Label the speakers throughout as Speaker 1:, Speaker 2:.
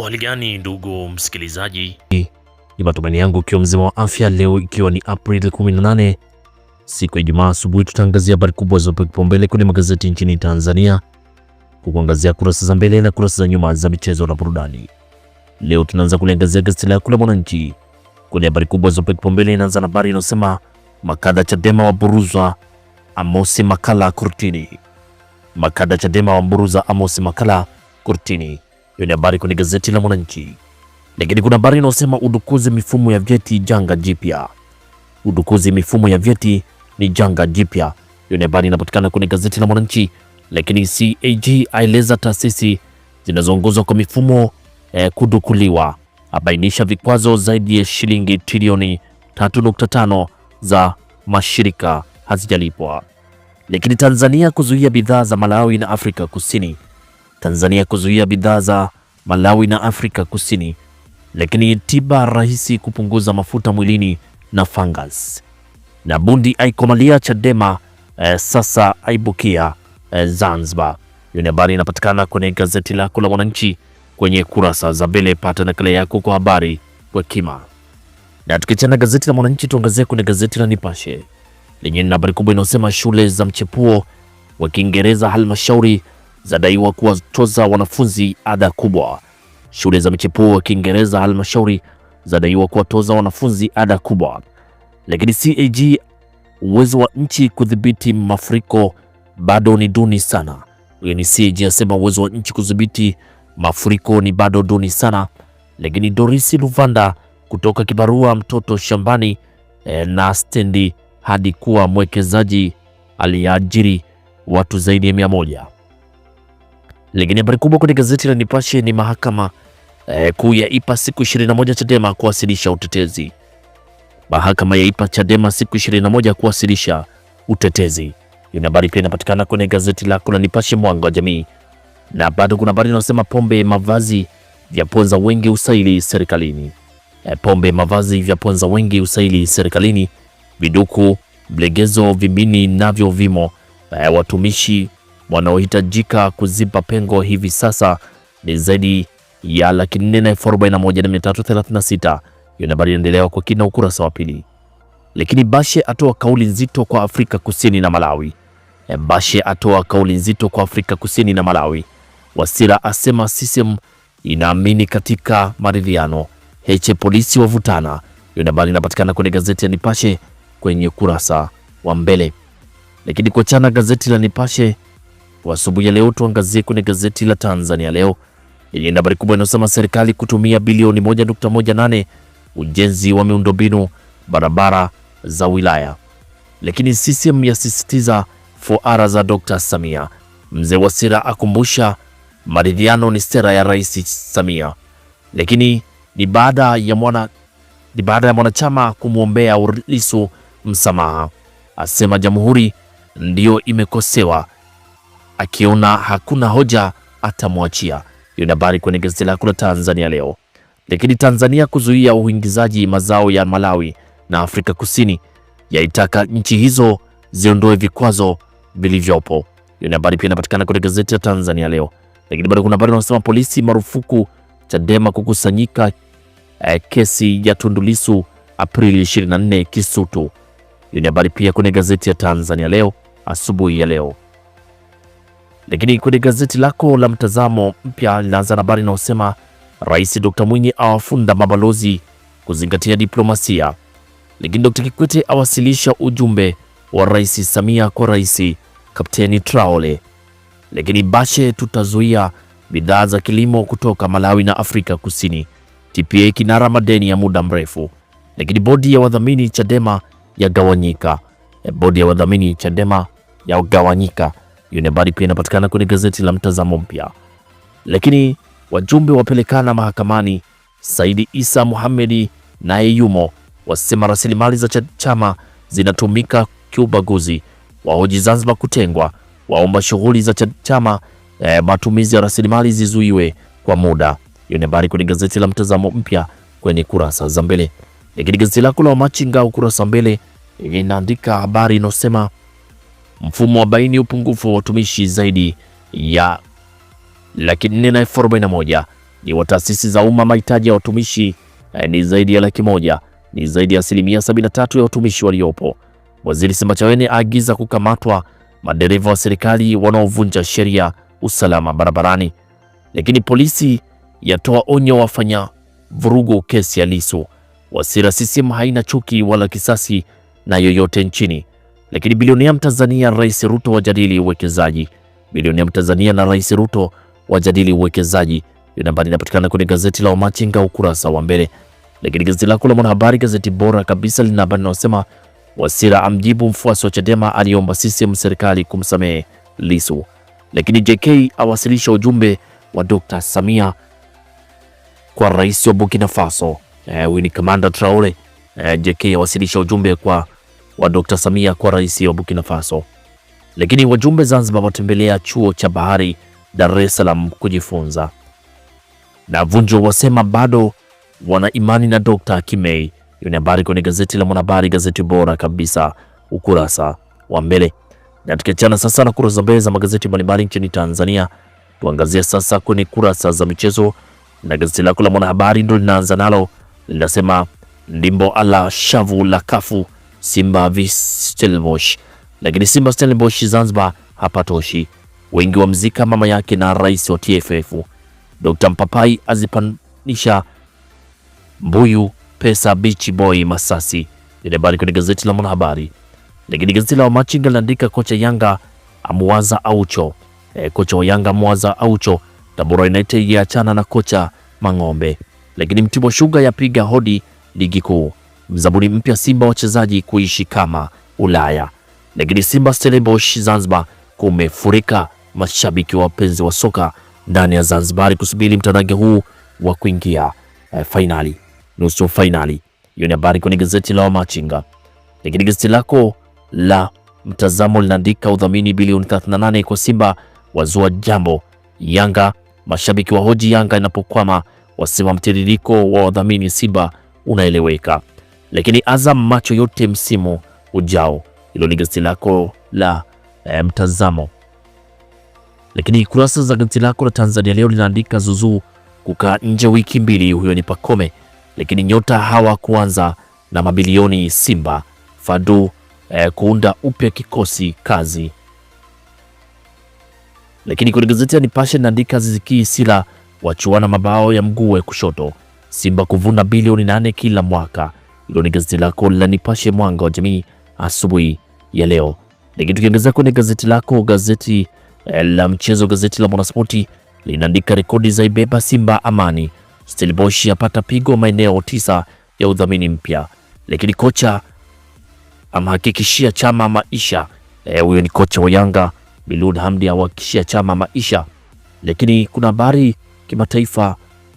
Speaker 1: Hali gani ndugu msikilizaji, ni matumaini yangu ukiwa mzima wa afya leo, ikiwa ni April 18 siku ya Ijumaa asubuhi, tutaangazia habari kubwa zopewa kipaumbele kwenye magazeti nchini Tanzania, kukuangazia kurasa za mbele na kurasa za nyuma za michezo na burudani. Leo tunaanza kuliangazia gazeti la kula Mwananchi kwenye habari kubwa zopewa kipaumbele. Inaanza na habari inayosema makada Chadema waburuzwa Amosi Makala kurtini, Makada Chadema waburuza Amosi Makala kurtini hiyo ni habari kwenye gazeti la Mwananchi, lakini kuna habari inayosema udukuzi mifumo ya vyeti janga jipya. Udukuzi mifumo ya vyeti ni janga jipya. Hiyo ni habari inapatikana kwenye gazeti la Mwananchi, lakini CAG aeleza taasisi zinazoongozwa kwa mifumo eh, kudukuliwa, abainisha vikwazo zaidi ya shilingi trilioni 3.5 za mashirika hazijalipwa. Lakini Tanzania kuzuia bidhaa za Malawi na Afrika Kusini Tanzania kuzuia bidhaa za Malawi na Afrika Kusini. Lakini tiba rahisi kupunguza mafuta mwilini na fungus. Na bundi aikomalia Chadema eh, sasa aibukia eh, Zanzibar. Hiyo ni habari inapatikana kwenye gazeti lako la Mwananchi kwenye kurasa za mbele. Pata nakala yako kwa habari kwa kima. Na tukichana gazeti la Mwananchi, tuangazie kwenye gazeti la Nipashe lenye habari kubwa inayosema shule za mchepuo wa Kiingereza halmashauri zadaiwa kuwatoza wanafunzi ada kubwa. Shule za michepuo wa Kiingereza halmashauri zadaiwa kuwatoza wanafunzi ada kubwa. Lakini CAG, uwezo wa nchi kudhibiti mafuriko bado ni duni sana. Huyo ni CAG asema uwezo wa nchi kudhibiti mafuriko ni bado duni sana. Lakini Dorisi Luvanda kutoka kibarua mtoto shambani e, na stendi hadi kuwa mwekezaji aliyeajiri watu zaidi ya mia moja. Lakini habari kubwa kwenye gazeti la Nipashe ni mahakama eh, kuu ya ipa siku 21 Chadema kuwasilisha utetezi. Mahakama ya ipa Chadema siku 21 kuwasilisha utetezi. Hiyo habari pia inapatikana kwenye gazeti lako la Nipashe mwanga wa jamii, na bado kuna habari inasema pombe mavazi vya ponza wengi usaili serikalini. E, pombe mavazi vya ponza wengi usaili serikalini. Viduku mlegezo vimini navyo vimo. E, watumishi wanaohitajika kuziba pengo hivi sasa ni zaidi ya laki nne na elfu arobaini na moja na mia tatu thelathini na sita. Hiyo habari inaendelewa kwa kina ukurasa wa pili. Lakini Bashe atoa kauli nzito kwa Afrika Kusini na Malawi. E, Bashe atoa kauli nzito kwa Afrika Kusini na Malawi. Wasira asema sisem inaamini katika maridhiano. Heche polisi wavutana. Hiyo habari inapatikana kwenye gazeti ya Nipashe kwenye ukurasa wa mbele. Lakini kuachana gazeti la Nipashe kwa asubuhi ya leo tuangazie kwenye gazeti la Tanzania Leo yenye habari kubwa inayosema serikali kutumia bilioni 1.18 ujenzi wa miundombinu barabara za wilaya, lakini CCM yasisitiza fuara za Dr. Samia. Mzee Wasira akumbusha maridhiano ni sera ya Rais Samia, lakini ni baada ya mwana ni baada ya mwanachama kumwombea Lissu msamaha, asema jamhuri ndiyo imekosewa akiona hakuna hoja atamwachia. Hiyo ni habari kwenye gazeti lako la Tanzania Leo. Lakini Tanzania kuzuia uingizaji mazao ya Malawi na Afrika Kusini, yaitaka nchi hizo ziondoe vikwazo vilivyopo. Hiyo ni habari pia inapatikana kwenye gazeti la Tanzania Leo. Lakini bado kuna habari inasema polisi marufuku Chadema kukusanyika eh, kesi ya tundulisu Aprili 24 Kisutu. Hiyo ni habari pia kwenye gazeti ya Tanzania Leo asubuhi ya leo. Lakini kwenye gazeti lako la Mtazamo Mpya linaanza na habari inayosema Rais Dr. Mwinyi awafunda mabalozi kuzingatia diplomasia. Lakini Dr. Kikwete awasilisha ujumbe wa Rais Samia kwa Rais Kapteni traole Lakini Bashe, tutazuia bidhaa za kilimo kutoka Malawi na Afrika Kusini. TPA kinara madeni ya muda mrefu. Lakini bodi ya wadhamini Chadema yagawanyika. Eh, bodi ya wadhamini Chadema yagawanyika. Hiyo ni habari pia inapatikana kwenye gazeti la Mtazamo Mpya. Lakini wajumbe wapelekana mahakamani, Saidi Isa Muhamedi naye yumo, wasema rasilimali za chama zinatumika kiubaguzi, wahoji Zanzibar kutengwa, waomba shughuli za chama e, matumizi ya rasilimali zizuiwe kwa muda. Hiyo ni habari kwenye gazeti la Mtazamo Mpya kwenye kurasa za mbele. Lakini gazeti lako la Wamachinga ukurasa mbele inaandika habari inayosema mfumo wa baini upungufu wa watumishi zaidi ya laki nne na elfu arobaini na moja ni wa taasisi za umma. Mahitaji ya watumishi eh, ni zaidi ya laki moja ni zaidi ya asilimia 73 ya watumishi waliopo. Waziri Simbachawene aagiza kukamatwa madereva wa serikali wanaovunja sheria usalama barabarani. Lakini polisi yatoa onyo wafanya vurugu kesi ya Lisu. Wasira CCM haina chuki wala kisasi na yoyote nchini. Lakini bilionea Mtanzania Rais Ruto wajadili uwekezaji. Bilionea Mtanzania na Rais Ruto wajadili uwekezaji. Hiyo nambari inapatikana kwenye gazeti la Wamachinga ukurasa wa mbele. Lakini gazeti lako la Mwanahabari, gazeti bora kabisa, lina habari inayosema Wasira amjibu mfuasi wa Chadema aliomba CCM serikali kumsamehe Lisu. Lakini JK awasilisha ujumbe wa Dr. Samia kwa rais wa Burkina Faso. Eh, huyu eh, ni Kamanda Traore. Eh, JK awasilisha ujumbe kwa wa Dr. Samia kwa rais wa Burkina Faso. Lakini wajumbe Zanzibar watembelea chuo cha bahari Dar es Salaam kujifunza. Na Vunjo wasema bado wana imani na Dr. Kimei. Hiyo ni habari kwenye gazeti la Mwanahabari, gazeti bora kabisa, ukurasa wa mbele. Na tukiachana sasa na kurasa mbele za magazeti mbalimbali nchini Tanzania, tuangazie sasa kwenye kurasa za michezo, na gazeti lako la Mwanahabari ndo linaanza nalo linasema ndimbo ala shavu la kafu Simba v Stellenbosch, lakini Simba Stellenbosch Zanzibar hapatoshi, wengi wa mzika mama yake na rais wa TFF. Dr Mpapai azipanisha mbuyu pesa Beach boy Masasi Ile habari kwenye gazeti la Mwanahabari. Lakini gazeti la Wamachinga linaandika kocha Yanga amwaza Aucho. E, kocha wa Yanga amuwaza Aucho. Tabora United yaachana na kocha Mang'ombe. Lakini Mtibwa Sugar yapiga hodi ligi kuu. Mzabuni mpya Simba wachezaji kuishi kama Ulaya. Lakini Simba Stellenbosch Zanzibar kumefurika mashabiki wa wapenzi wa soka ndani ya Zanzibar kusubiri mtanange huu wa kuingia eh, fainali nusu fainali. Hiyo ni habari kwenye gazeti la Wamachinga. Lakini gazeti lako la Mtazamo linaandika udhamini bilioni 38 kwa Simba wazua jambo Yanga, mashabiki wa hoji Yanga inapokwama, wasema mtiririko wa wadhamini Simba unaeleweka lakini Azam macho yote msimu ujao. Hilo ni gazeti lako la eh, Mtazamo. Lakini kurasa za gazeti lako la Tanzania Leo linaandika Zuzu kukaa nje wiki mbili, huyo ni Pakome. Lakini nyota hawa kuanza na mabilioni Simba, Fadu eh, kuunda upya kikosi kazi. Lakini kwenye gazeti ya Nipashe linaandika Ziziki sila wachuana mabao ya mguu wa kushoto, Simba kuvuna bilioni nane kila mwaka hilo ni gazeti lako la Nipashe mwanga wa jamii asubuhi ya leo, lakini tukiongeza kwenye gazeti lako gazeti eh, la mchezo, gazeti la Mwanaspoti linaandika rekodi za ibeba Simba Amani, Stellenbosch apata pigo maeneo tisa ya udhamini mpya, lakini kocha amhakikishia chama maisha. Eh, huyo e, ni kocha wa Yanga Milud Hamdi awahakikishia chama maisha, lakini kuna habari kimataifa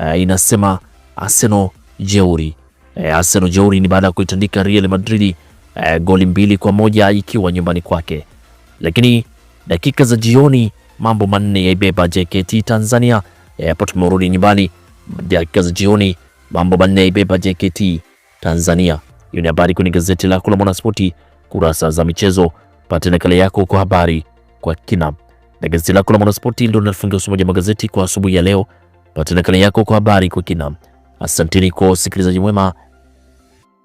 Speaker 1: e, inasema Arsenal jeuri eh, Arsenal jeuri ni baada ya kuitandika Real Madrid eh, goli mbili kwa moja ikiwa nyumbani kwake. Lakini dakika za jioni mambo manne yaibeba JKT Tanzania eh, hapo e, tumerudi nyumbani dakika za jioni mambo manne yaibeba JKT Tanzania. Hiyo ni habari kwenye gazeti lako la Mwanaspoti kurasa za michezo, pate nakala yako kwa habari kwa kina. Na gazeti lako la Mwanaspoti ndio linalofungia usomaji wa magazeti kwa asubuhi ya leo. Pate nakala yako kwa habari kwa kina. Asanteni kwa usikilizaji mwema